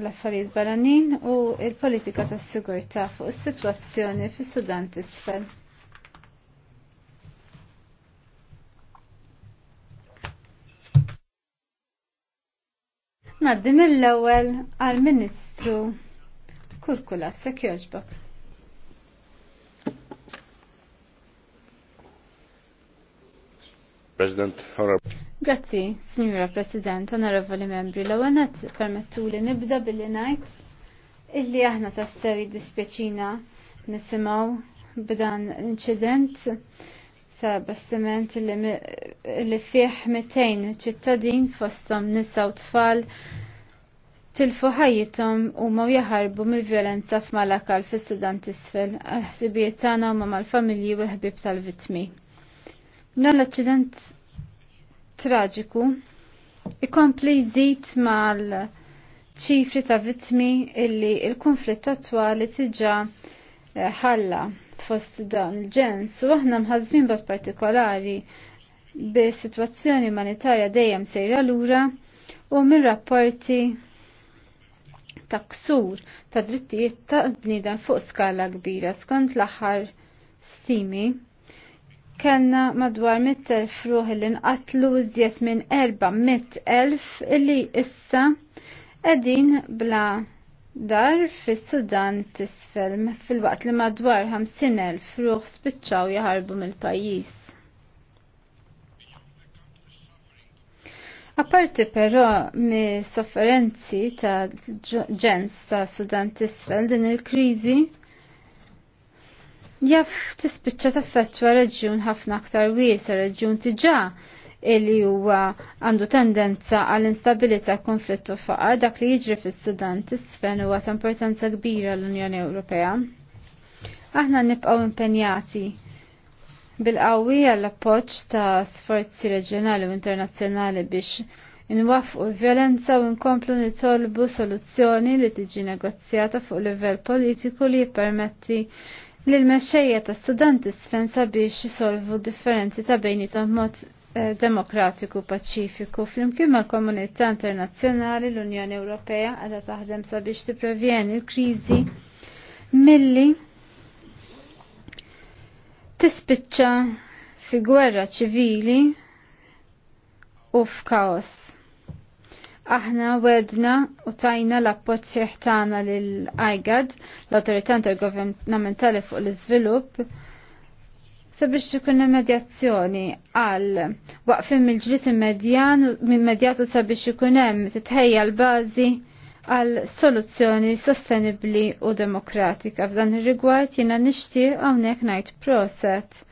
l-affarijiet barranin u il-politika tas sigurtà fuq is-sitwazzjoni fis-Sudan t'isfel. Naddi mill-ewwel għall-Ministru Kurkula sekk jogħġbok. President, Honorable. Grazzi, Signora President, onorevoli membri, l-għanet permettu li nibda billi najt illi aħna tassew dispieċina nisimaw b'dan l-incident sa' bastiment li fieħ 200 ċittadin fostom nisa u tfal tilfu ħajjithom u ma jaħarbu mill-violenza f'Malakal fis-Sudan t'isfel, ħsibijiet tagħna huma mal-familji u ħbieb tal-vittmi. Dan l-aċċident traġiku ikompli jżid mal ċifri ta' vittmi illi il-konflitt attwali tiġa eh, ħalla fost dan il-ġens u aħna mħazmin bat partikolari bi situazzjoni umanitarja dejjem sejra lura u mir rapporti ta' ksur ta' drittijiet ta' bnidan fuq skala kbira skont l-aħħar stimi kellna madwar 100.000 ruħ li nqatlu iżjed minn 400.000 illi issa qegħdin bla dar fis-Sudan tisfel fil-waqt li madwar 50.000 fruħ spiċċaw jaħarbu mill-pajjiż. Apparti però mi sofferenzi ta' ġens ta' Sudan tisfel din il-krizi, jaff tispiċċa taffettwa reġjun ħafna aktar wiesa, reġjun tiġa illi huwa għandu tendenza għall instabilità konflitt u faqar dak li jiġri fis-Sudan tisfen huwa ta' importanza kbira l-Unjoni Ewropea. Aħna nibqgħu impenjati bil-qawwi għall-appoġġ ta' sforzi reġjonali u internazzjonali biex Inwaffqu l-violenza u nkomplu nitolbu soluzzjoni li tiġi negozjata fuq livell politiku li jippermetti l-mexxejja ta' studenti sfen sabiex jisolvu differenzi ta' bejni ta' mod eh, demokratiku paċifiku flimkien ma' komunità internazzjonali l-Unjoni Ewropea għadha taħdem sabiex tipprevjeni l-kriżi milli tispiċċa fi gwerra ċivili u f'kaos. Aħna wedna u tajna l-appoċ tagħna lill-IGAD, l-Awtorità tal-Governamentali fuq l-Iżvilupp, sabiex ikun medjazzjoni għal waqfim mil ġlit immedjan minn medjatu sabiex ikun hemm titħejja l-bażi għal soluzzjoni sostenibli u demokratika. F'dan ir-rigward jiena nixtieq hawnhekk ngħid proset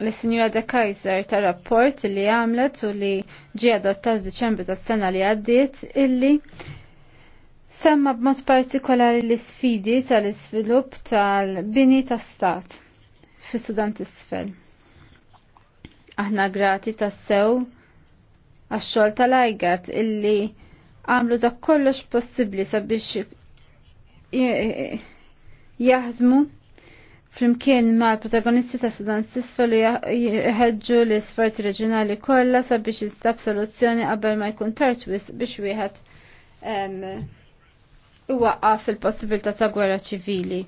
l-Sinjura De Kaiser ta' rapport li għamlet u li ġie adottat Deċembru tas sena li għaddiet illi semma b'mod partikolari l-isfidi tal-iżvilupp tal-bini ta' stat fi sudan tisfel. Aħna grati ta' għax-xogħol tal-ajgat illi għamlu dak kollox possibbli sabiex jaħdmu flimkien ma' protagonisti ta' Sudan Sisfa li jħedġu l sforzi reġjonali kollha sabiex jistab soluzzjoni qabel ma' jkun tartwis biex wieħed iwaqqa il possibilità ta' gwerra ċivili.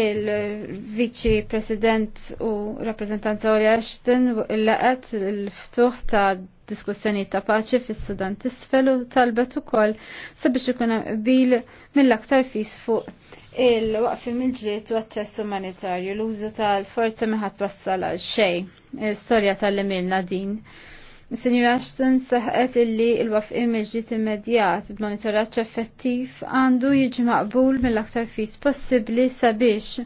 Il-Viċi President u rappresentanza Olja Ashton laqet l-ftuħ ta' diskussjoni ta' paċi fis sudan tisfel u talbet ukoll sabiex ikun bil mill-aktar fis fuq il waqf mill-ġiet u għacċess umanitarju l-użu tal-forza meħat wassal għal xej. Storja tal emilna din. Senjura Ashton saħqet illi il waqf mill-ġiet immedjat b'monitoraċ effettiv għandu jiġi maqbul mill-aktar fis possibli sabiex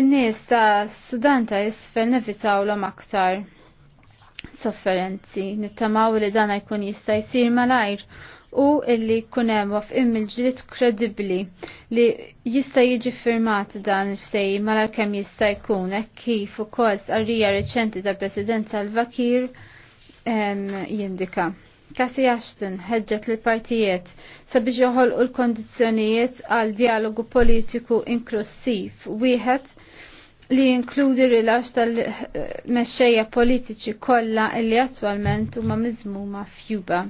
in-nies ta' studenta jisfel nevitaw l aktar sofferenzi. Nittamaw li dana jkun jista' jisir malajr u illi kunem waf il ġlit kredibli li jista jiġi firmat dan il-ftej mal kem jista jkun kif u kost għarrija reċenti ta' President vakir jindika. Kathy Ashton ħeġġet li partijiet sabiex joħolqu l-kondizjonijiet għal dialogu politiku inklusiv wieħed li jinkludi rilax tal-mexxejja politiċi kollha li attwalment huma miżmuma f'Juba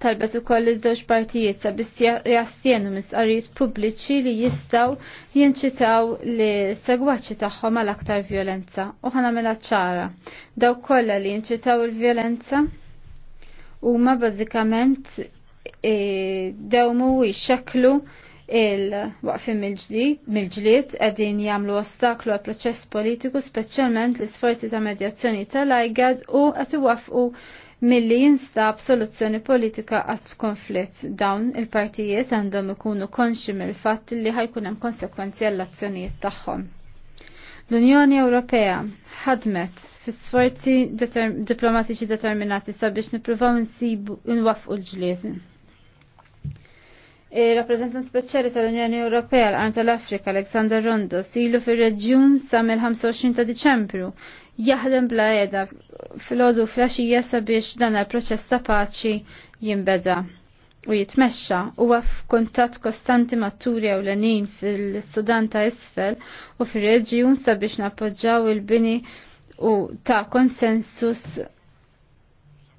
talbet ukoll iż-żewġ partijiet sabiex jastienu mistqarrijiet pubbliċi li jistgħu jinċitaw li segwaċi tagħhom għal aktar violenza u ħanamilha ċara. Daw kollha li jinċitaw il-violenza huma bażikament e, daw mhuwiex xeklu il-waqfim mill-ġlied qegħdin jagħmlu ostaklu għal proċess politiku speċjalment l-isforzi ta' medjazzjoni tal ajgad u qed iwaffqu milli jinstab soluzzjoni politika għat konflitt dawn il-partijiet għandhom ikunu konxi mill-fatt li ħajkun hemm konsekwenzi għall-azzjonijiet tagħhom. L-Unjoni Ewropea ħadmet fis sforzi diplomatiċi determinati sabiex nippruvaw nsibu nwafqu l-ġlied Il-rappresentant speċjali tal-Unjoni Ewropea għan tal-Afrika Alexander Rondo silu fir-reġjun sa mill-25 ta' Diċembru jaħdem bla edha fil-ħodu flasġija sabiex dan il-proċess ta' paċi jimbeda u jitmexxa u għaf kontat kostanti matturi ewlenin fil-Sudan ta' isfel u fil-reġjun sabiex nappoġġaw il-bini u ta' konsensus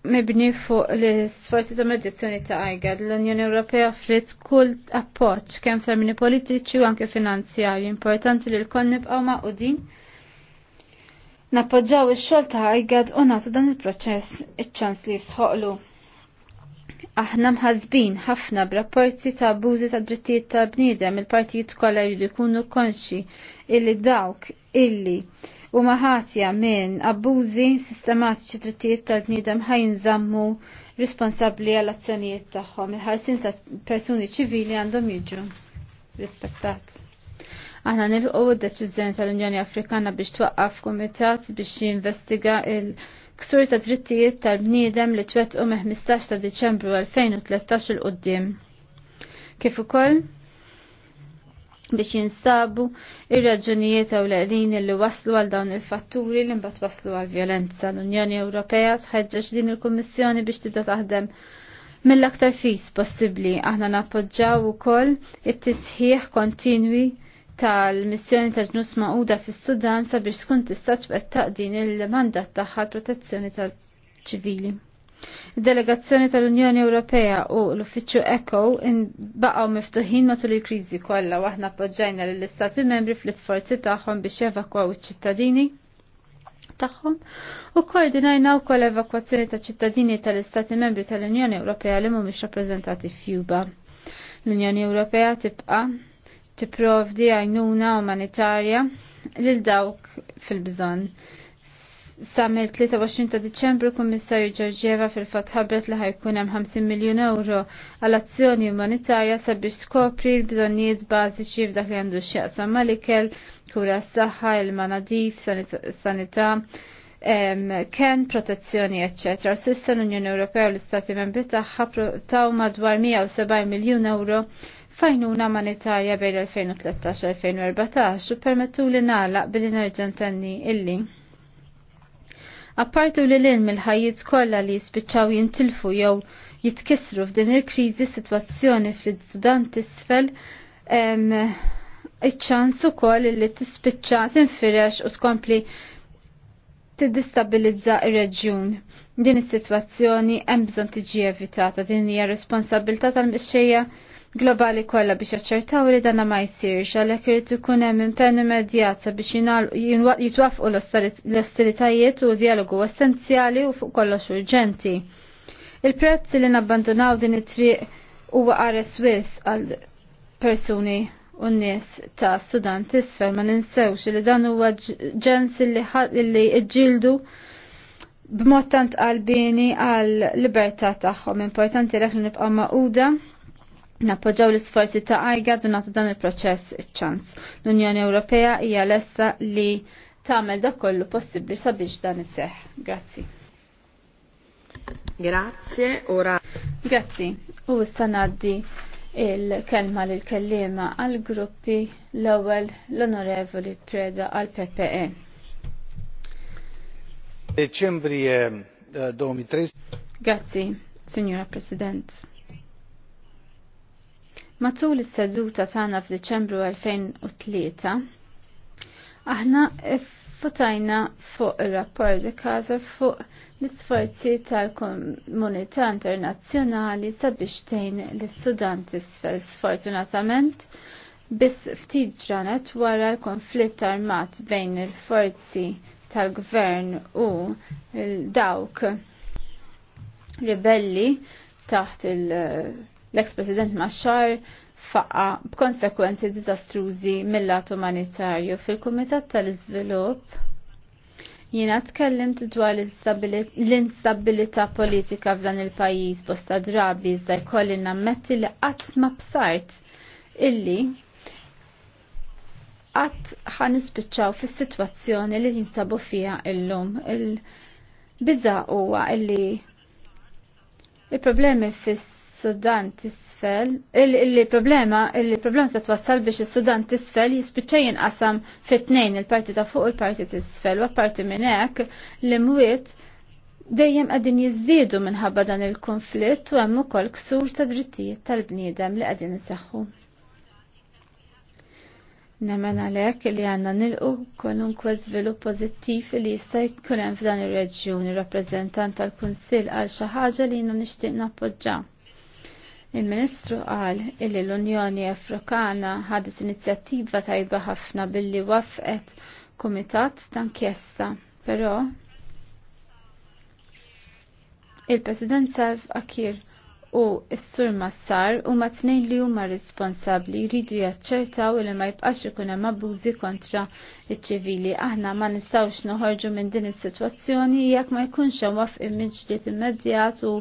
mibni fuq l-sforzi ta' medjazzjoni ta' għajgad l-Unjoni Ewropea fritt kull appoċ kemm termini politiċi u anke finanzjarji importanti li l konnib għaw ma' udin. Nappoġġaw ix-xogħol ta' għajgad u nagħtu dan il-proċess iċ-ċans li jistħoqlu. Aħna mħazbin ħafna b'rapporti ta' abbużi ta' drittijiet ta' bniedem il-partijiet kollha jridu jkunu konxi illi dawk illi u maħatja minn abbużi sistematiċi trittijiet tal-bniedem ħajnżammu responsabli għal azzjonijiet tagħhom. Il-ħarsin ta' persuni ċivili għandhom jiġu rispettat. Aħna nilqu d-deċiżjoni tal-Unjoni Afrikana biex twaqqaf kumitat biex jinvestiga il-ksur ta' drittijiet tal-bniedem li twettqu meħ 15 ta' Deċembru 2013 il qoddim Kif ukoll? biex jinstabu ir-raġunijiet u l-għedin li waslu għal dawn il-fatturi li mbagħad waslu għal violenza. L-Unjoni Ewropea tħeġġeġ din il-Kummissjoni biex tibda taħdem mill-aktar fis possibbli. Aħna nappoġġaw ukoll it-tisħiħ kontinwi tal-missjoni tal-ġnus maquda fis-Sudan sabiex tkun tista' taqdin il-mandat tagħha protezzjoni tal-ċivili. Delegazzjoni tal-Unjoni Ewropea u l-Uffiċċju ECO baqgħu miftuħin matul il-kriżi kollha u appoġġajna lill-Istati membri fl-isforzi tagħhom biex jevakwaw iċ-ċittadini tagħhom u koordinajna wkoll evakwazzjoni ta' ċittadini tal-Istati Membri tal-Unjoni Ewropea li mhumiex rappreżentati fjuba. L-Unjoni Ewropea tibqa' tipprovdi għajnuna umanitarja lil dawk fil-bżonn. Samil 23 ta' Diċembru Kummissarju Ġorġeva fil-fatt ħabbet li ħajkun hemm 50 miljun euro għal azzjoni umanitarja sabiex tkopri l-bżonnijiet bażiċi f'dak li għandu x'jaqsam mal-ikel, kura s-saħħa, il-manadif, sanità, ken protezzjoni, eccetera. Sissa l-Unjoni Ewropea u l-Istati Membri tagħha taw madwar 170 miljun euro fajnuna umanitarja bejn 2013-2014 u permettu li nagħlaq billi nerġa' illi Appartu li l-in mill ħajjiet kollha li jispiċċaw jintilfu jew jitkisru f'din il-kriżi sitwazzjoni fl sudan tisfel iċ-ċans ukoll li tispiċċa tinfirex u tkompli tiddistabilizza ir-reġjun. Din is-sitwazzjoni hemm bżonn tiġi evitata, din hija responsabilità tal-mixxejja globali kollha biex jaċċertaw li dana ma jsirx għalhekk irid ikun hemm impenn immedjata biex jitwafqu l-ostilitajiet u dialogu essenzjali u fuq kollox urġenti. Il-prezz li nabbandunaw din it-triq huwa qares wis għal persuni u nies ta' Sudan tisfel ma ninsewx li dan huwa ġens li ġildu b'mod tant qalbini għal libertà tagħhom. Importanti rek li nibqa' maquda Nappoġġaw l-isforzi ta' għajga donata dan il-proċess iċ-ċans. L-Unjoni Ewropea hija lessa li tagħmel dak kollu possibbli sabiex dan iseħ. Grazzi. Grazie, ora. Grazzi. U issa ngħaddi il-kelma lil kellima għal gruppi l-ewwel l-Onorevoli Preda għal PPE. Deċembri eh, 2013. Grazzi, Signora President. Matul is-seduta tagħna f'Diċembru 2003 aħna futajna fuq ir-rapport de Casa fuq l-isforzi tal-komunità internazzjonali sabiex tgħin lis-Sudan tisfel. Sfortunatament, biss ftit ġranet wara l-konflitt armat bejn il-forzi tal-gvern u dawk ribelli taħt il- L-ex-president Machar faqqa b'konsekwenzi dizastruzi mill-lat umanitarju fil-Kumitat tal-Iżvilupp. Jiena tkellimt dwar l-instabilità politika f'dan il-pajjiż bosta drabi iżda jkolli nammetti li qatt ma bsart illi qatt ħan nispiċċaw fis-sitwazzjoni li jinsabu fiha illum. Il-biża' huwa illi il-problemi fis Sudan tisfel, il-problema, il-problema se twassal biex il-Sudan tisfel jispiċċa jinqasam fit-tnejn il-parti ta' fuq il-parti tisfel, u apparti minn hekk li mwiet dejjem qegħdin jiżdiedu minħabba dan il-konflitt u hemm ukoll ksur ta' drittijiet tal-bniedem li qegħdin iseħħu. Nemmen għalhekk li għandna nilqu kwalunkwe żvilupp pożittiv li jista' jkun hemm f'dan ir-reġjun ir tal-Kunsill għal xi ħaġa li jiena nixtieq nappoġġa. Il-Ministru qal illi l-Unjoni Afrikana ħadet inizjattiva tajba ħafna billi wafqet kumitat ta' inkjesta, però il-President Salv Akir u s-sur Massar u ma tnejn li huma responsabli jridu jaċċertaw li ma jibqax ikun hemm abbużi kontra iċ-ċivili. Aħna ma nistgħux noħorġu minn din is-sitwazzjoni jekk ma jkunx hemm wafq minġliet immedjat u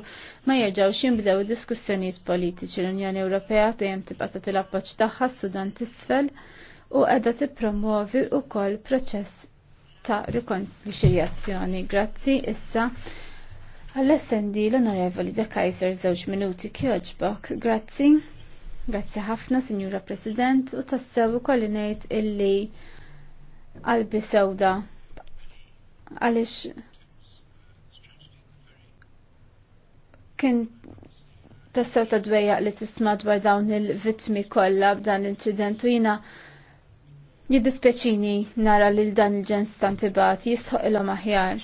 ma jerġgħux jinbdew diskussjonijiet politiċi. L-Unjoni Ewropea dejjem tibqa' tagħti l-appoġġ tagħha s-Sudan t'isfel u qiegħda tippromuovi wkoll proċess ta' rikonċiljazzjoni. Grazzi issa Għall-essendi l-onorevoli de Kaiser żewġ minuti kjoġbok. Grazzi. Grazzi ħafna, Signora President, u tassew u ngħid illi qalbi sewda għaliex kien tassew ta' dweja li tisma' dwar dawn il-vittmi kollha b'dan l-inċident u jiena jiddispjaċini nara li dan il ġen stantibat jisħoq ilhom aħjar.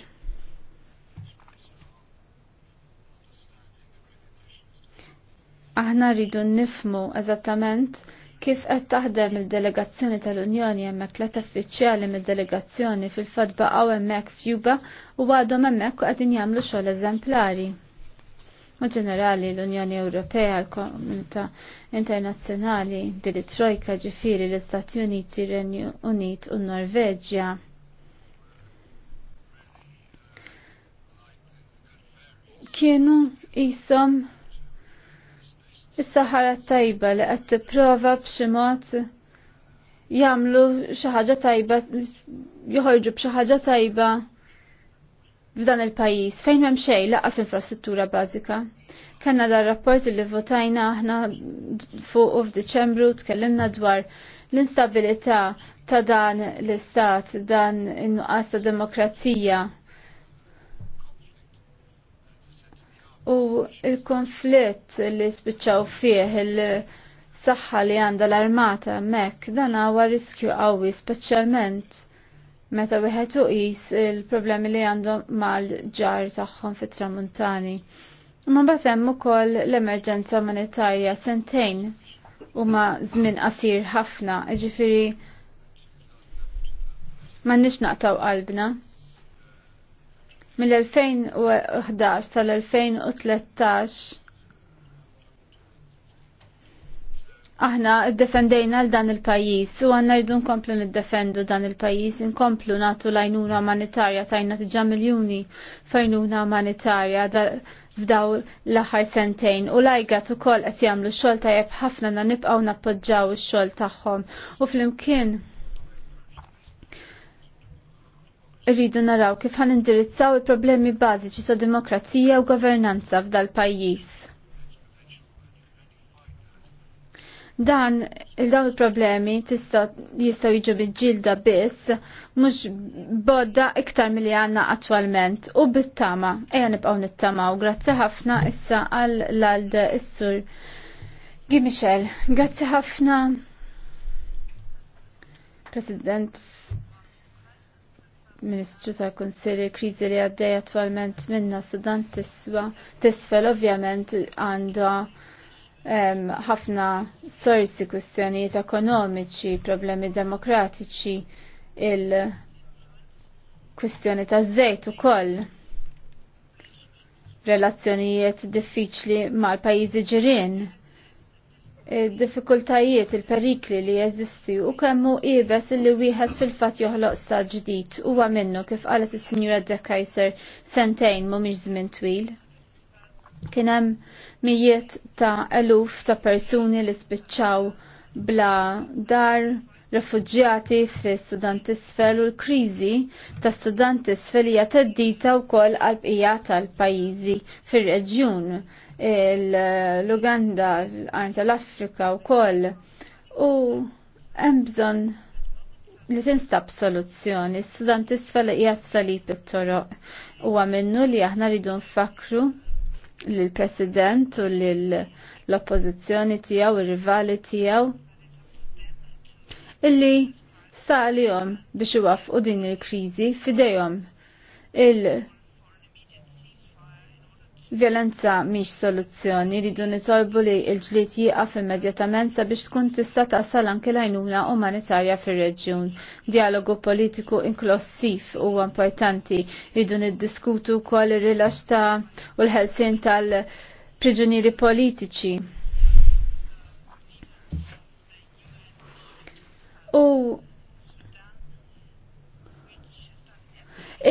Aħna rridu nifmu eżattament kif qed taħdem il-delegazzjoni tal-Unjoni hemmhekk tliet uffiċjali mid-delegazzjoni fil-fatt baqgħu hemmhekk f'Juba u għadhom hemmhekk u qegħdin jagħmlu xogħol eżemplari. Ma ġenerali l-Unjoni Ewropea, l-Komunità Internazzjonali, dili Trojka ġifiri l-Istati Uniti, Renju Unit u Norveġġja. Kienu isom is-saħara tajba li qed tipprova b'xi mod jagħmlu xi ħaġa tajba joħorġu b'xi ħaġa tajba f'dan il-pajjiż fejn hemm xejn laqas infrastruttura bażika. Kenna dar rapport li votajna aħna fuq u f'Diċembru tkellimna dwar l-instabilità ta' dan l-istat, dan in-nuqqas ta' demokrazija u il-konflitt li spiċċaw fih il-saħħa li għandha l-armata mek dan huwa riskju qawwi speċjalment meta wieħed uqis il-problemi li għandhom mal-ġar tagħhom fit-tramuntani. Ma mbagħad hemm ukoll l-emerġenza monetarja sentejn huma żmien qasir ħafna, ġifieri ma nix naqtaw qalbna mill-2011 tal-2013 aħna defendejna l dan il-pajis u għanna rridu nkomplu niddefendu dan il-pajis, nkomplu natu lajnuna umanitarja tajna tġa miljoni fajnuna umanitarja f'daw l-aħħar sentejn u lajgat ukoll qed jagħmlu xogħol tajjeb ħafna na nibqgħu nappoġġaw ix-xogħol tagħhom u flimkien rridu naraw kif ħan indirizzaw il-problemi bażiċi ta' demokrazija u governanza f'dal pajjiż. Dan il-dawn il-problemi jistgħu jiġu bil-ġilda biss mhux bodda iktar milli għandna attualment u bit-tama ejja nibqgħu nittamaw. Grazzi ħafna issa għal l issur. is-sur Grazzi ħafna. President Ministru tal konsili krizi kriżi li għaddej attualment minna Sudan tiswa tisfel ovvjament għandha ħafna sorsi kwistjonijiet ekonomiċi, problemi demokratiċi, il-kwistjoni ta' żejt ukoll relazzjonijiet diffiċli mal-pajjiżi ġirien diffikultajiet il-perikli li jeżisti u kemmu ibes li wieħed fil-fatt joħloq sta ġdid huwa minnu kif qalet is-Sinjura De Kaiser sentejn mhumiex żmien twil. Kien hemm mijiet ta' eluf ta' persuni li spiċċaw bla dar refugġjati fis sudan tisfel u l-krizi tas sudan tisfel hija teddita wkoll għal bqija tal-pajjiżi fir-reġjun l-Uganda, l-Qarn tal-Afrika wkoll. U hemm bżonn li tinstab soluzzjoni. Sudan tisfel hija f'salib it-toroq. Huwa minnu li aħna rridu nfakru lill-President u lill-oppożizzjoni tiegħu, ir-rivali tiegħu illi saqalihom biex iwaffqu din il-kriżi fidejhom il-violenza miex soluzzjoni rridu nitolbu li l-ġlied jieqaf immedjatament sabiex tkun tista' tasal anke l-għajnuna umanitarja fir-reġjun. Dialogu politiku inklossiv huwa importanti rridu niddiskutu wkoll ir-rilax ta' u l-ħelsien tal-priġunieri politiċi u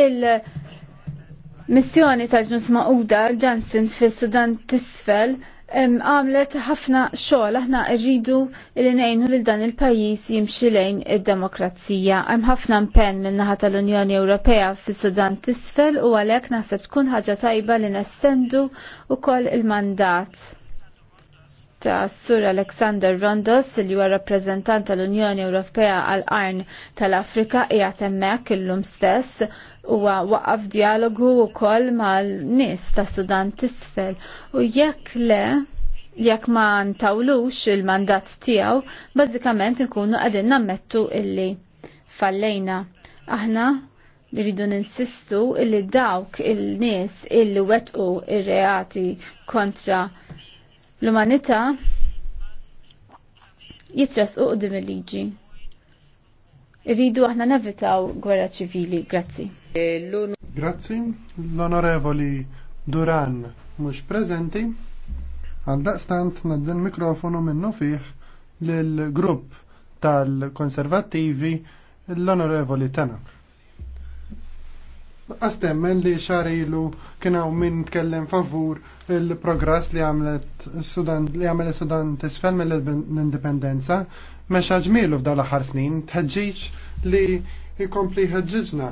il-missjoni ta'Ġnus ġnus ma'uda ġansin fis-Sudan tisfel għamlet ħafna xogħol aħna rridu li ngħinu lil dan il-pajjiż jimxi lejn id-demokrazija. Hemm ħafna impenn min-naħa tal-Unjoni Ewropea fis-Sudan t'isfel u għalhekk naħseb tkun ħaġa tajba li nestendu wkoll il-mandat ta' Sur Alexander Rondos li huwa rappreżentant tal-Unjoni Ewropea għal arn tal-Afrika qiegħed hemmhekk illum stess huwa waqaf dialogu wkoll mal-nies ta' Sudan t'isfel u jekk le jekk ma ntawlux il-mandat tiegħu bażikament inkunu qegħdin nammettu illi fallejna. Aħna rridu ninsistu illi dawk il-nies illi wetqu ir-reati kontra l-umanità jitras u qdim il-liġi. Irridu aħna nevitaw gwerra ċivili, grazzi. Grazzi, l-onorevoli Duran mux prezenti, għaldaqstant nadden mikrofonu minnu fiħ l-grupp tal-konservativi l-onorevoli Tanak. Għastemmen li xarilu kienaw min tkellem favur il-progress li għamlet Sudan li għamlet Sudan tisfel mill-indipendenza meċa ġmilu f'daw l-ħar snin tħedġiċ li jkompli ħedġiġna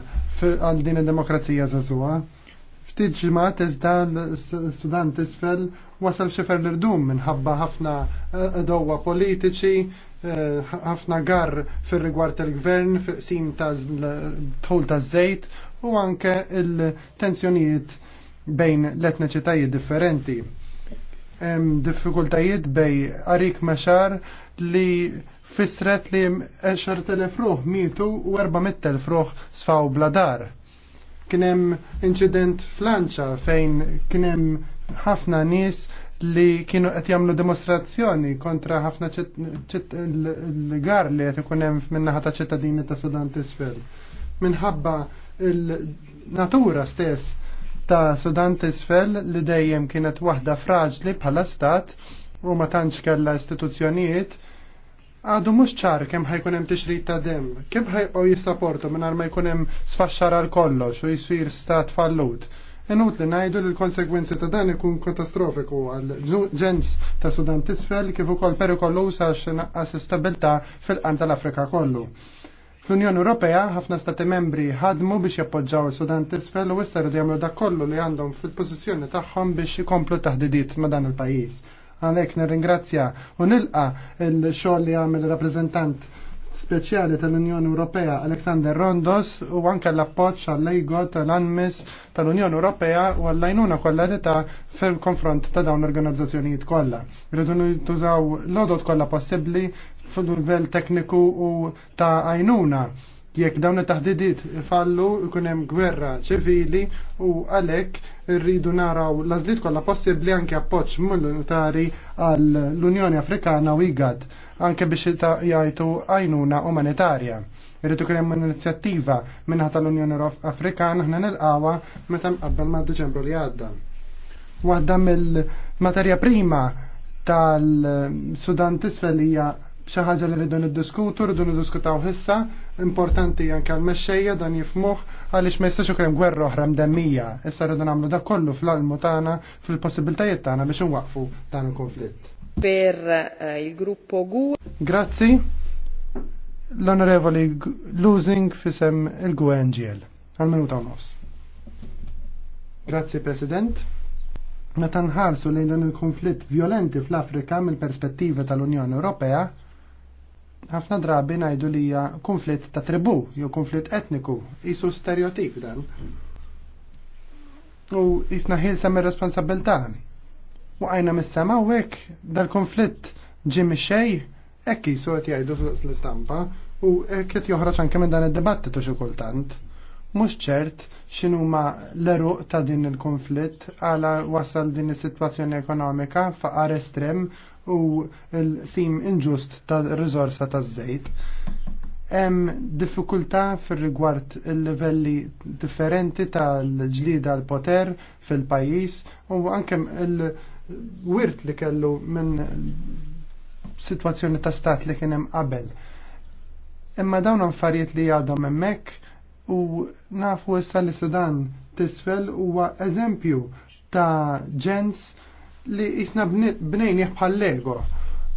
għal din id-demokrazija zazua. Ftit ġimgħat iżda Sudan tisfel wasal xifer l-irdum minħabba ħafna eh, dowa politiċi, eh, ħafna gar fir rigward tal-gvern, sim tal-tħol taż-żejt u anke il-tensjonijiet bejn l-etniċitajiet differenti. Diffikultajiet bej Arik Mexar li fisret li 10.000 ruħ mitu u 400.000 fruħ sfaw bladar. Kienem incident flanċa fejn kienem ħafna nies li kienu qed jagħmlu dimostrazzjoni kontra ħafna l-gar li qed ikun hemm min-naħa ta' ċittadini ta' Sudan t'isfel. Minħabba l natura stess ta' Sudan t'isfel li dejjem kienet waħda fraġli bħala stat u ma tantx kellha istituzzjonijiet għadu mux ċar kem ħajkun hemm tixrid ta' dem, kem ħajqgħu jissaportu mingħajr ma jkun hemm sfaxxar għal kollox u jisfir stat fallut. Enut li najdu li l-konsekwenzi ta' dan ikun katastrofiku għal ġens ta' Sudan tisfel kif ukoll perikollu sax naqqas fil qan tal-Afrika kollu. Fl-Unjoni Ewropea ħafna stati membri ħadmu biex jappoġġaw il sudan tisfel u issa li jagħmlu dak kollu li għandhom fil-pożizzjoni tagħhom biex ikomplu taħdidiet ma' dan il-pajjiż. Għalhekk nirringrazzja u nilqa' il-xogħol li għamel rappreżentant speċjali tal-Unjoni Ewropea Aleksander Rondos u anke l-appoġġ għall-lejgo tal-anmis tal-Unjoni Ewropea u għall-lajnuna kollha ta' fil-konfront ta' dawn l-organizzazzjonijiet kollha. Rridu tużaw l-odot kollha possibbli fil-livell tekniku u ta' għajnuna jekk dawn it-taħdidiet fallu jkun hemm gwerra ċivili u għalhekk irridu naraw l-għażliet kollha possibbli anke appoġġ militari għall-Unjoni Afrikana u IGAD anke biex jajtu għajnuna umanitarja. Irritu kien inizjattiva minnaħa tal-Unjoni Afrikan nil nilqawha meta mqabbel ma' Deċembru li għadda. Waħda mill-materja prima tal-Sudan tisfel hija xi ħaġa li rridu niddiskutu, rridu niddiskutaw ħissa, importanti anke għall-mexxejja dan jifmuh għaliex ma jistax ukrem gwerra oħra mdemmija. Issa rridu nagħmlu dak kollu fl-almu tagħna fil-possibiltajiet tagħna biex inwaqfu dan il-konflitt. Per uh, il gruppo GU. Grazzi. L-onorevoli Losing fisem il-GUE NGL. Għal-minuta nos. nofs. Grazzi President. Meta nħarsu lejn dan il-konflitt violenti fl-Afrika mill-perspettiva tal-Unjoni Ewropea, ħafna drabi ngħidu li hija konflitt ta' tribù jew konflitt etniku, isu stereotip dan. U jisna ħilsa mir responsabilità u għajna mis-sema u dal-konflitt ġim xej ekki qed jgħidu fl-istampa u qed joħraċ anke minn dan id-dibattitu xi kultant. Mhux ċert x'inhu ma l-eruq ta' din il-konflitt għala wasal din is-sitwazzjoni ekonomika faqar estrem u l-sim inġust ta' rizorsa ta' żejt. Hemm diffikultà fir-rigward il-livelli differenti tal-ġlida l-poter fil-pajjiż u anke il- wirt li kellu minn situazzjoni ta' stat li kien hemm qabel. Imma dawn affarijiet li għadhom hemmhekk u nafu issa li sedan tisfel huwa eżempju ta' ġens li jisna bnejn bħal lego.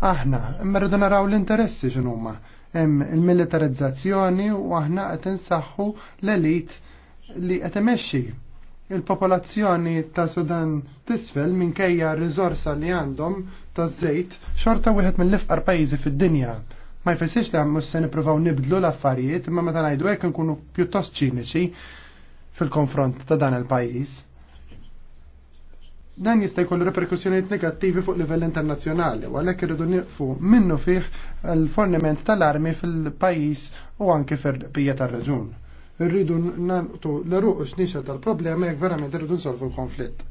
Aħna, imma rridu naraw l-interessi x'inhuma. Hemm il-militarizzazzjoni u aħna qed insaħħu l-elit li qed imexxi il-popolazzjoni ta' Sudan tisfel minkejja r-rizorsa li għandhom ta' żejt xorta wieħed mill-ifqar pajjiżi fid-dinja. Ma jfessiex li mhux se nippruvaw nibdlu l-affarijiet imma meta ngħidu hekk nkunu pjuttost ċiniċi fil-konfront ta' dan il-pajjiż. Dan jista' jkollu reperkussjonijiet negattivi fuq livell internazzjonali, u għalhekk irridu nieqfu minnu fih l-forniment tal-armi fil-pajjiż u anke fir bija tar-reġun rridu nantu l-ruq x'nixa tal-problema jekk verament rridu nsolvu l-konflitt.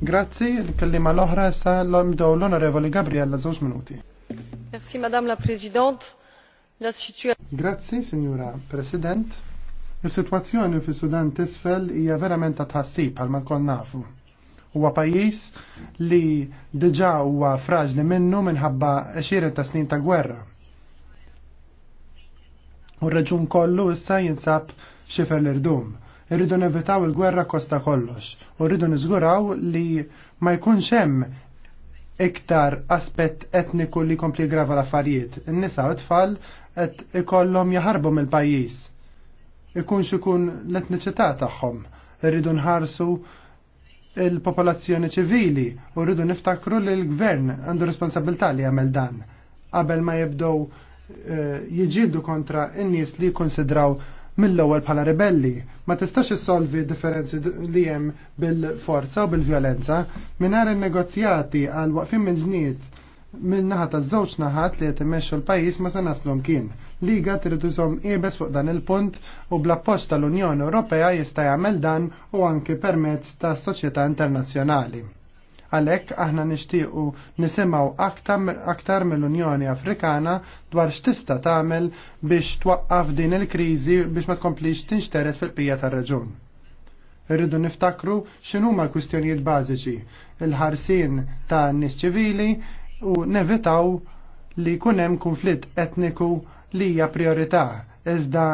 Grazzi, l-kellima l-oħra sa l-omdow l-onorevoli Gabriella żewġ minuti. Merci Madame la Présidente. La Grazzi, Signora President. Is-sitwazzjoni fis sudan tisfel hija verament ta' tħassib għal ma nafu. Huwa pajjiż li diġà huwa fraġli minnu minħabba 20 ta' snin ta' gwerra. U r kollu issa jinsab xifer l-irdum. Irridu nevitaw il-gwerra kosta kollox u rridu niżguraw li ma jkunx hemm iktar aspett etniku li kompli grava l-affarijiet. In-nisa u tfal qed ikollhom jaħarbu mill-pajjiż. Ikunx ikun l-etniċità tagħhom. Irridu nħarsu il-popolazzjoni ċivili u rridu niftakru li l-gvern għandu responsabilità li jagħmel dan qabel ma jibdow eh, jiġildu kontra n-nies li konsidraw mill-ewwel bħala ribelli. Ma tistax issolvi differenzi li hemm bil-forza u bil-vjolenza mingħajr in-negozjati għal waqfin minn ġniet minn naħa ta' żewġ naħat li qed immexxu l-pajjiż ma se naslhom kien. Liga trid iżhom qiebes fuq dan il-punt u bla tal-Unjoni Ewropea jista' jagħmel dan u anke permezz tas soċjetà internazzjonali. Għalhekk aħna nixtiequ nisimgħu aktar mill-Unjoni Afrikana dwar x'tista' tagħmel biex twaqqaf din il-kriżi biex ma tkomplix tinxteret fil pija tar-raġun. Irridu niftakru x'inhuma l-kwistjonijiet bażiċi, il-ħarsin ta' nies ċivili u nevitaw li jkun hemm konflitt etniku li hija priorità iżda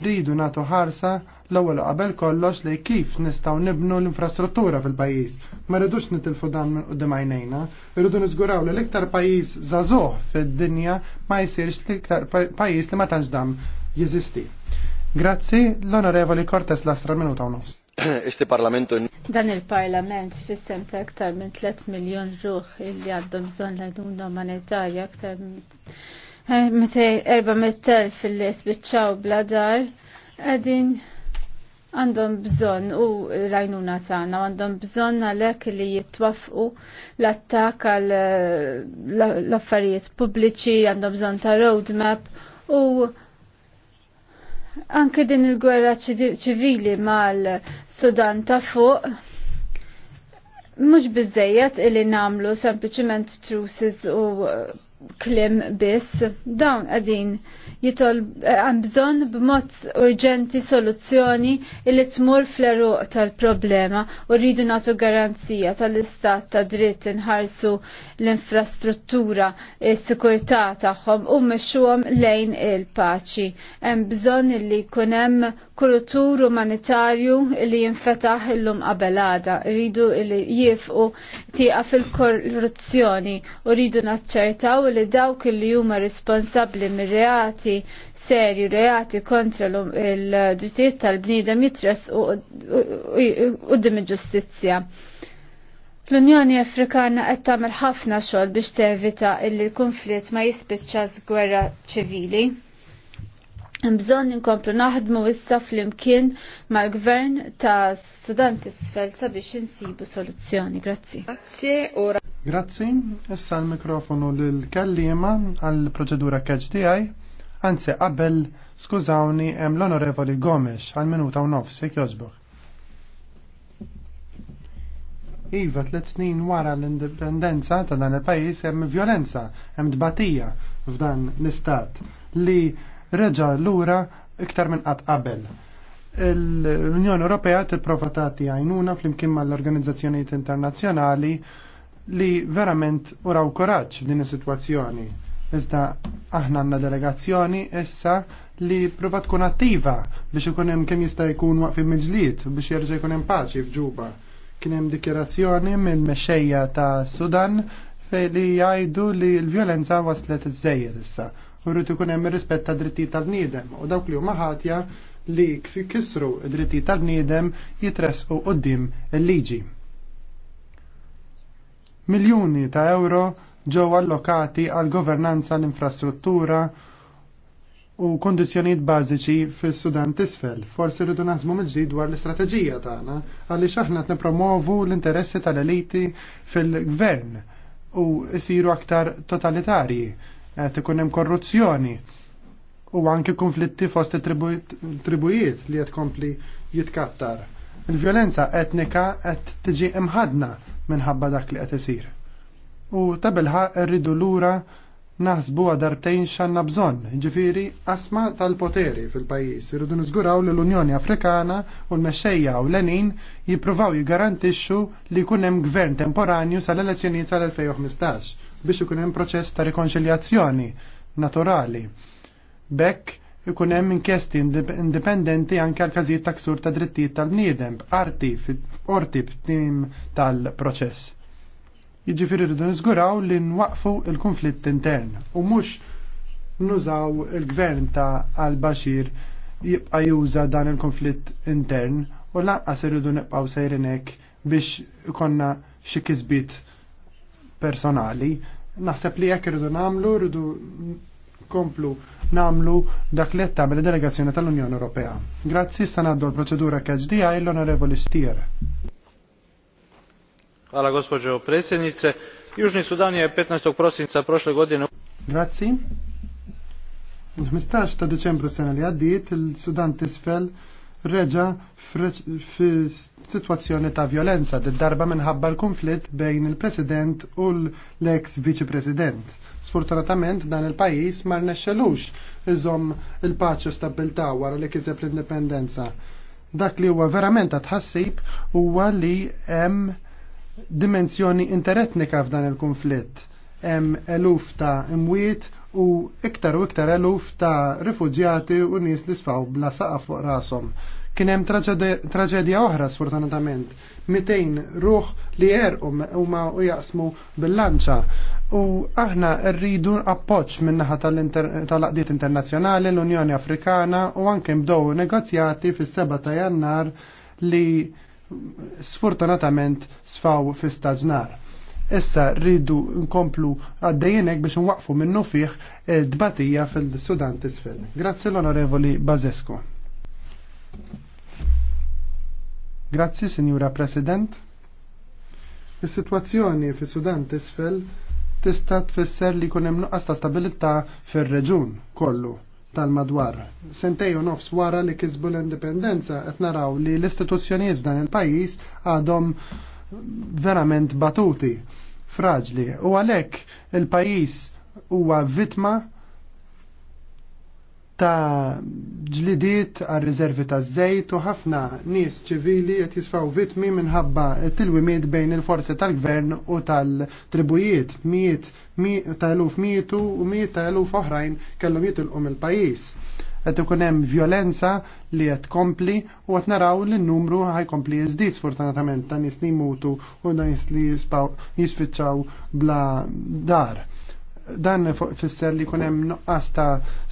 rridu nagħtu ħarsa l-ewwel qabel kollox li kif nistgħu nibnu l-infrastruttura fil-pajjiż. Ma rridux nitilfu dan minn qudiem għajnejna, irridu niżguraw li l-iktar pajjiż żagħżugħ fid-dinja ma jsirx l-iktar pajjiż li ma tantx dam jeżisti. Grazzi l-Onorevoli Cortes l-astra minuta u nofs. Dan il-parlament fissem ta' aktar minn 3 miljon ruħ illi għaddu bżonn l-għaduna umanitarja aktar minn 400.000 fil-li sbiċċaw bla dar għadin għandhom bżonn u l-għajnuna tagħna għandhom bżonn għalhekk li jitwafqu l-attak għal eh, l-affarijiet pubbliċi, għandhom bżonn ta' roadmap u anke din il-gwerra ċivili mal-Sudan ta' fuq mhux biżejjed illi namlu sempliċiment truces u eh, klim biss, dawn għadin jitol għan b'mod urġenti soluzzjoni illi tmur fl-eruq tal-problema u rridu natu garanzija tal-istat ta' dritt inħarsu l-infrastruttura, s-sikurtà tagħhom u mexxuhom lejn il-paċi. Hemm bżonn illi jkun hemm kultur umanitarju illi jinfetaħ illum qabelada, rridu illi jifqu tieqa fil-korruzzjoni u rridu naċċertaw li dawk li huma responsabbli mir-reati serju reati kontra l-ġitiet tal-bnidem jitres u qudiem il-ġustizzja. L-Unjoni Afrikana qed tagħmel ħafna xogħol biex tevita li l kunflitt ma jispiċċa gwerra ċivili. Mbżon ninkomplu naħdmu issa fl-imkien mal-gvern ta' Sudan tisfel sabiex insibu soluzzjoni. Grazzi. Grazzi, ora. Grazzi, issa l-mikrofonu l-kallima għal-proċedura KHDI. DI. Anzi, qabel, skużawni, hemm l-onorevoli Gomes għal-minuta u nofs, jek joġbok. Iva, tliet snin wara l-indipendenza ta' dan il-pajis hemm violenza, hemm dbatija f'dan l-istat li reġa lura iktar minn qatt qabel. L-Unjoni Ewropea tipprova tagħti għajnuna flimkien mal-organizzazzjonijiet internazzjonali li verament uraw koraġġ f'din is-sitwazzjoni. Iżda aħna għandna delegazzjoni issa li prova tkun attiva biex ikun hemm kemm jista' jkun waqf mill biex jerġa' jkun hemm paċi f'Ġuba. Kien hemm dikjerazzjoni mill-mexxejja ta' Sudan fej li jgħidu li l-vjolenza waslet iż issa u rrid ikun hemm ir-rispett ta' dritti tal-bniedem u dawk li huma ħatja li kisru d tal-bniedem jitresqu qudiem il-liġi. Miljuni ta' euro ġew allokati għal governanza l-infrastruttura u kondizjonijiet bażiċi fis-Sudan tisfel. Forsi rridu naħsmu mill-ġdid dwar l-istrateġija tagħna għaliex aħna qed nippromovu l-interessi tal-eliti fil-gvern u jsiru aktar totalitarji qed ikun hemm korruzzjoni u anke konflitti fost tribujiet li qed kompli jitkattar. Il-vjolenza etnika qed tiġi imħadna minħabba dak li qed isir. U tabelħa rridu lura naħsbu għadartejn xanna bżon, ġifiri asma tal-poteri fil-pajis. Irridu nizguraw li l-Unjoni Afrikana u l-Mexxejja u l-Lenin jippruvaw jigarantixxu li kunem gvern temporanju sal-elezzjonijiet tal-2015 biex ikun hemm proċess ta' rikonċiljazzjoni naturali. Bekk ikun hemm inkjesti indipendenti anke għal każijiet ta' ksur ta' drittijiet tal-bniedem arti orti b'tim tal-proċess. Jiġifieri rridu niżguraw li nwaqfu l-konflitt intern u mhux nużaw il-gvern ta' al-Bashir jibqa' juża dan il-konflitt intern u lanqas irridu nibqgħu sejrinek biex ikonna xi kisbit personali. Naħseb li jekk irridu nagħmlu, rridu komplu namlu dak li tagħmel delegazzjoni tal-Unjoni Ewropea. Grazzi sa ngħaddu l-proċedura KHDI l-Onorevoli Stier. Hvala gospođo predsjednice. Južni Sudan je 15. prosinca prošle godine... Grazzi. 15 ta' Deċembru sena li għaddiet il-Sudan tisfel reġa f-situazzjoni ta' violenza darba minħabba l-konflitt bejn il-President u l-ex Viċi-President. Sfortunatament dan il-pajis mar nexxelux iżom il paċu u stabilta wara li kiseb l-indipendenza. Dak li huwa verament tħassib huwa li hemm dimensjoni interetnika f'dan il-konflitt. Hemm eluf ta' imwiet, u iktar u iktar eluf ta' rifugjati u nies li sfaw bla saqaf fuq rashom. Kien hemm traġedja oħra sfortunatament. 200 ruħ li er u huma u jaqsmu bil-lanċa U aħna rridu appoċ minnaħa tal-aqdiet Internazzjonali, l-Unjoni Afrikana u anke bdow negozjati fis-7 ta' jannar li sfortunatament sfaw fi staġnar. Issa rridu nkomplu għaddejjenek biex nwaqfu minnu fih dbatija fil-Sudan tisfel. Grazzi l-Onorevoli Bazescu. Grazzi, Signora President. Is-sitwazzjoni fis sudan tisfel tista' tfisser li jkun hemm nuqqas ta' stabilità fir-reġun kollu tal-madwar. Sentej u nofs wara li kisbu l-indipendenza qed naraw li l-istituzzjonijiet f'dan il-pajjiż għadhom verament batuti, fraġli. U għalhekk il-pajjiż huwa vittma ta' ġlidiet għal rizervi ta' zejt u ħafna nies ċivili qed jisfaw vittmi minħabba tilwimiet bejn il-forzi tal-gvern u tal-tribujiet, miet ta' eluf mietu u miet ta' eluf oħrajn kellhom jitilqu mill-pajjiż Qed ikun hemm violenza li qed kompli u qed naraw li n-numru ħajkompli jiżdied sfortunatament ta' nies li jmutu u nies li jisfiċċaw bla dar. Dan fisser li jkun hemm nuqqas ta'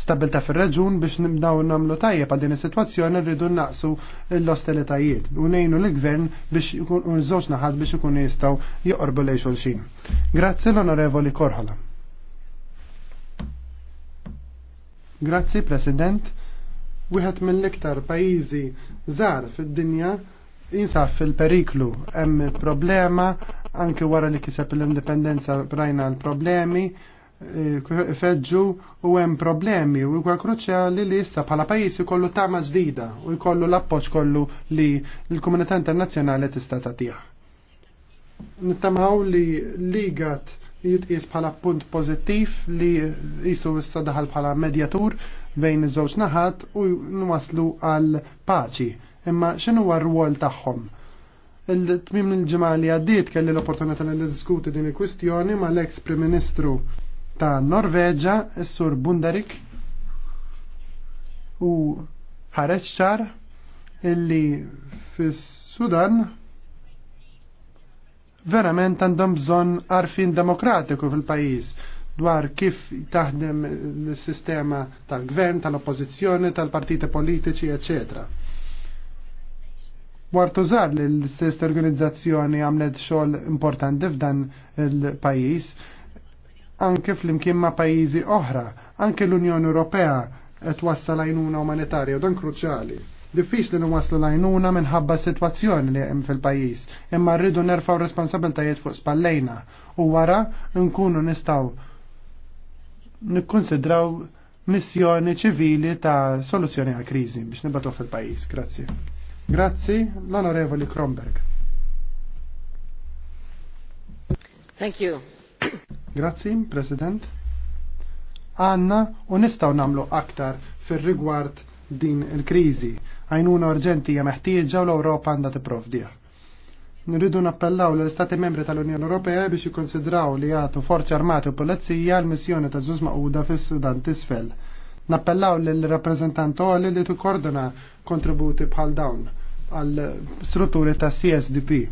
stabilta fir-raġun biex nibdaw nagħmlu tajjeb għal din is-sitwazzjoni rridu naqsu l-ostilitajiet u ngħinu l-gvern biex ikun żewġ naħat biex ikun jistgħu joqorbu lejn xulxin. Grazzi l-Onorevoli Korħola. Grazzi, President. Wieħed mill-iktar pajjiżi żgħar fid-dinja jinsab fil-periklu. Hemm problema anke wara li kiseb l-indipendenza brajna l-problemi eh, feġġu u hemm problemi u kwa kruċjali li issa bħala pajjiż ikollu tama ġdida u jkollu l-appoġġ kollu li l-komunità internazzjonali tista' tagħtih. Nittamaw li ligat jitqis bħala punt pożittiv li jisu issa daħal bħala medjatur bejn iż-żewġ naħat u nwaslu għal paċi. Imma x'inhu huwa r-rwol tagħhom? Il-tmim il-ġimgħa li għaddiet kelli l-opportunità li diskuti din il-kwistjoni mal eks Prim Ministru ta' Norveġa, is-Sur Bundarik, u ħareġ ċar illi fis-Sudan verament għandhom bżonn arfin demokratiku fil-pajjiż dwar kif taħdem l-sistema tal-gvern, tal-oppozizjoni, tal-partiti politiċi, ecc. żar li l-istess organizzazzjoni għamlet xogħol importanti f'dan il-pajjiż anke fl-imkien ma' pajjiżi oħra, anke l-Unjoni Ewropea qed wassal għajnuna umanitarja u dan kruċjali. Diffiċ li waslu lajnuna minħabba situazzjoni li hemm fil-pajjiż, imma rridu nerfaw responsabiltajiet fuq spallejna u wara nkunu nistaw nikkonsidraw missjoni ċivili ta' soluzzjoni għal kriżi biex nibatu fil-pajjiż. Grazzi. Grazzi l-Onorevoli Kronberg. Thank you. Grazzi, President. Għanna u nistaw namlu aktar fil-rigward din il-krizi. Għajnuna urġenti hija meħtieġa u l-Ewropa għandha tipprovdiha. Nridu nappellaw l-Istati membri tal-Unjoni Ewropea biex jikkonsidraw li jagħtu forzi armati u pulizija l-missjoni ta' ġuż maquda fis-Sudan t'isfel. Nappellaw lill-rappreżentant li li tikkordona kontributi bħal dawn għal strutturi ta' CSDP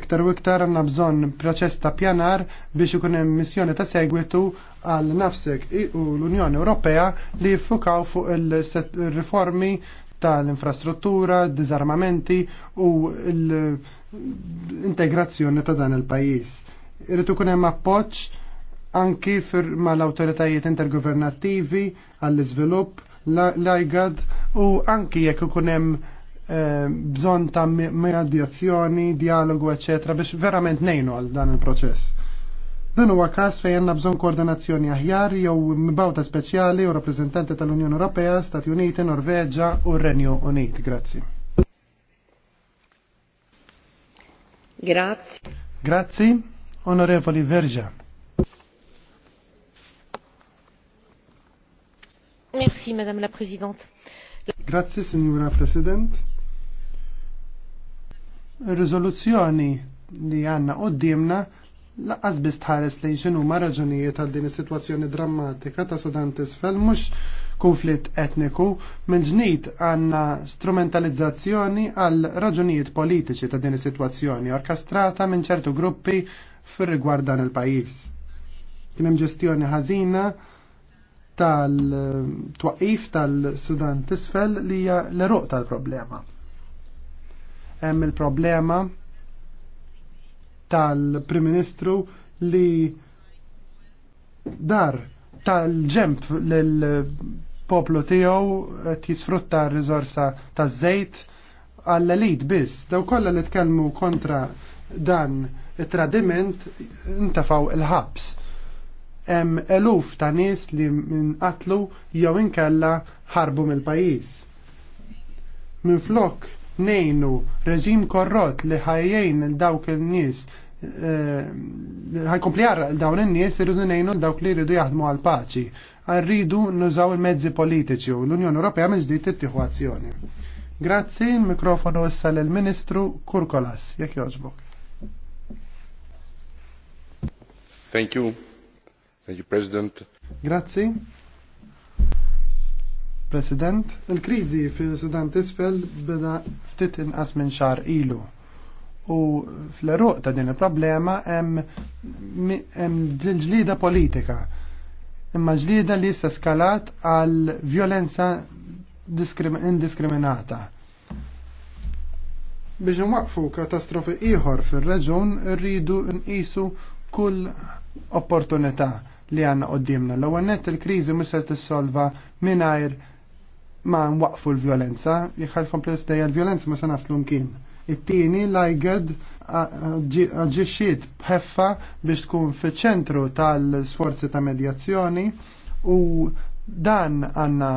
iktar u iktar għanna bżon proċess ta' pjanar biex ikun hemm missjoni ta' segwitu għal nafsek u l-Unjoni Ewropea li jiffukaw fuq il-riformi tal-infrastruttura, disarmamenti u l-integrazzjoni ta' dan il-pajis. Irritu kunem appoċ anki ma l-autoritajiet intergovernattivi għall-izvilupp, l-IGAD u anki jekk kunem eh, bżon ta' mediazzjoni, dialogu, eccetera, biex verament nejnu għal dan il-proċess. Dan huwa każ fejn għandna bżonn koordinazzjoni aħjar jew mibawta speċjali u rappreżentanti tal-Unjoni Ewropea, Stati Uniti, Norveġġa u Renju Unit. Grazzi. Grazzi. Grazzi, onorevoli Verġa. Merci, Madame la Présidente. Grazie, Signora President. il li għanna qoddimna laqqas biss tħares lejn x'inhuma raġunijiet għal din is-sitwazzjoni drammatika ta' Sudan t'isfel mhux konflitt etniku, minn ġnid għanna strumentalizzazzjoni għal raġunijiet politiċi ta' din is-sitwazzjoni orkastrata minn ċertu gruppi fir rigward dan il-pajjiż. Kien hemm ġestjoni ħażina tal-twaqif tal-Sudan t'isfel li hija l-eruq tal-problema. Hemm il-problema tal-Prim Ministru li dar tal-ġemp l-poplu tiegħu tisfrutta r-riżorsa taż-żejt għall-elit biss. Daw kollha li tkellmu kontra dan it-tradiment intafaw il-ħabs. Hemm eluf ta' nies li minqatlu jew inkella ħarbu mill-pajjiż. Minflok nejnu reġim korrot li ħajjejn dawk il-nies eh, ħajkompli għarra dawn il-nies irridu nejnu dawk li rridu jaħdmu għal paċi. għarridu nużaw il-mezzi politiċi u l-Unjoni Ewropea minn ġdid tittieħu azzjoni. Grazzi, il-mikrofonu issa lill-Ministru Kurkolas, jekk joġbok. Thank you. Thank you, President. Grazzi. President, il-krizi fil-Sudan tisfel bida ftit inqas minn xar ilu. U fl-eruq ta' din il-problema hemm ġlida politika. Imma ġlida li issa skalat għal violenza indiskriminata. Biex nwaqfu katastrofi ieħor fir-reġun rridu nqisu kull opportunità li għanna qoddimna. L-għannet il-krizi misal tissolva minajr ma nwaqfu l-violenza, jħal komples dejja l-violenza ma se naslu mkien. It-tieni lajged ġixiet bħeffa biex tkun fiċ-ċentru tal-sforzi ta' medjazzjoni u dan għanna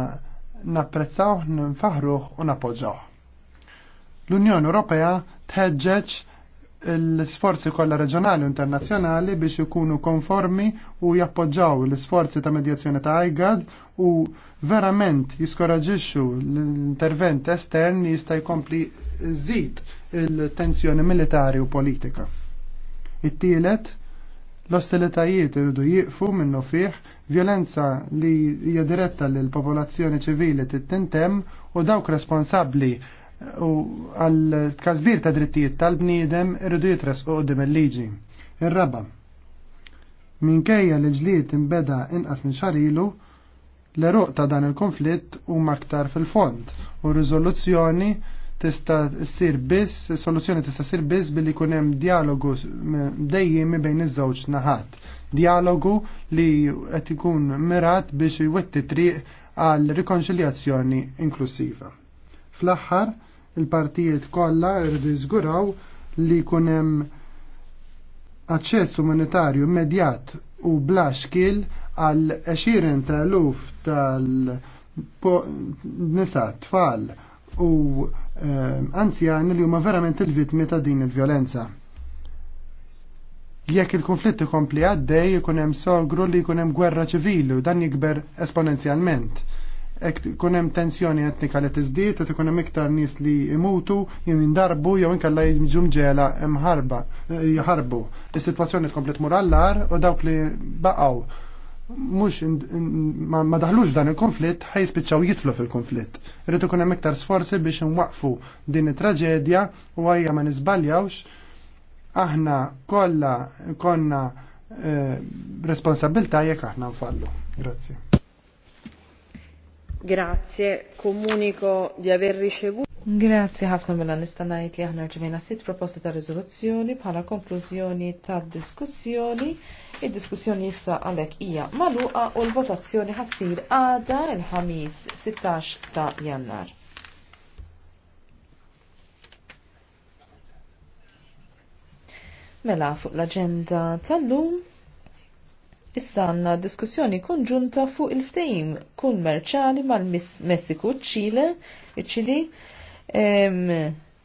napprezzaw, nfaħruh u napoġġaw. L-Unjoni Ewropea tħeġġeġ l-sforzi kollha reġjonali u internazzjonali biex ikunu konformi u jappoġġaw l-sforzi ta' medjazzjoni ta' IGAD u verament jiskoraġixxu l-intervent estern jista' jkompli żid il-tensjoni militari u politika. It-tielet, l-ostilitajiet irridu jieqfu minnu fih violenza li hija diretta lill popolazzjoni ċivili tittintem u dawk responsabbli u għal kazbir ta' drittijiet tal-bniedem irridu jitras u il-liġi. Ir-raba. Minkejja li ġlied imbeda inqas minn xarilu, l-eruq ta' dan il-konflitt u maktar fil-fond u rizoluzzjoni tista' ssir biss, soluzzjoni tista' ssir biss billi jkun hemm dialogu dejjem bejn iż-żewġ naħat. Dialogu li qed ikun mirat biex iwetti triq għal rikonċiljazzjoni inklusiva. Fl-aħħar, il-partijiet kollha irridu jiżguraw li jkun hemm aċċess umanitarju immedjat u bla xkil għal 20 taluf tal-nisa tfal u eh, anzjani li huma verament il-vittmi ta' din il-vjolenza. Jekk il-konflitt ikompli għaddej ikun hemm sogru li jkun hemm gwerra ċivili u dan jikber esponenzjalment kunem hemm tensjoni etnika li tiżdied qed ikun hemm iktar nies li imutu jew indarbu jew inkalla jimġum ġela imħarba jħarbu. Is-sitwazzjoni tkomplet mur u dawk li baqaw. mux ma daħlux dan il-konflitt ħajspiċċaw jitlu fil-konflitt. Rritu ikun hemm iktar sforzi biex nwaqfu din it-traġedja u għajja ma nizbaljawx. aħna kollha konna eh, responsabilta jekk aħna nfallu. Grazzi. Grazie, comunico di aver ricevuto. Grazie ħafna mela nista' ngħid li aħna rċevejna sitt proposti ta' riżoluzzjoni bħala konklużjoni tad diskussjoni. Id-diskussjoni issa għalhekk hija magħluqa u l-votazzjoni ħassir għada il-ħamis 16 ta' Jannar. Mela fuq l-aġenda tal-lum Issa għanna diskussjoni konġunta fuq il-ftejim kummerċali mal-Messiku, ċile, ċili,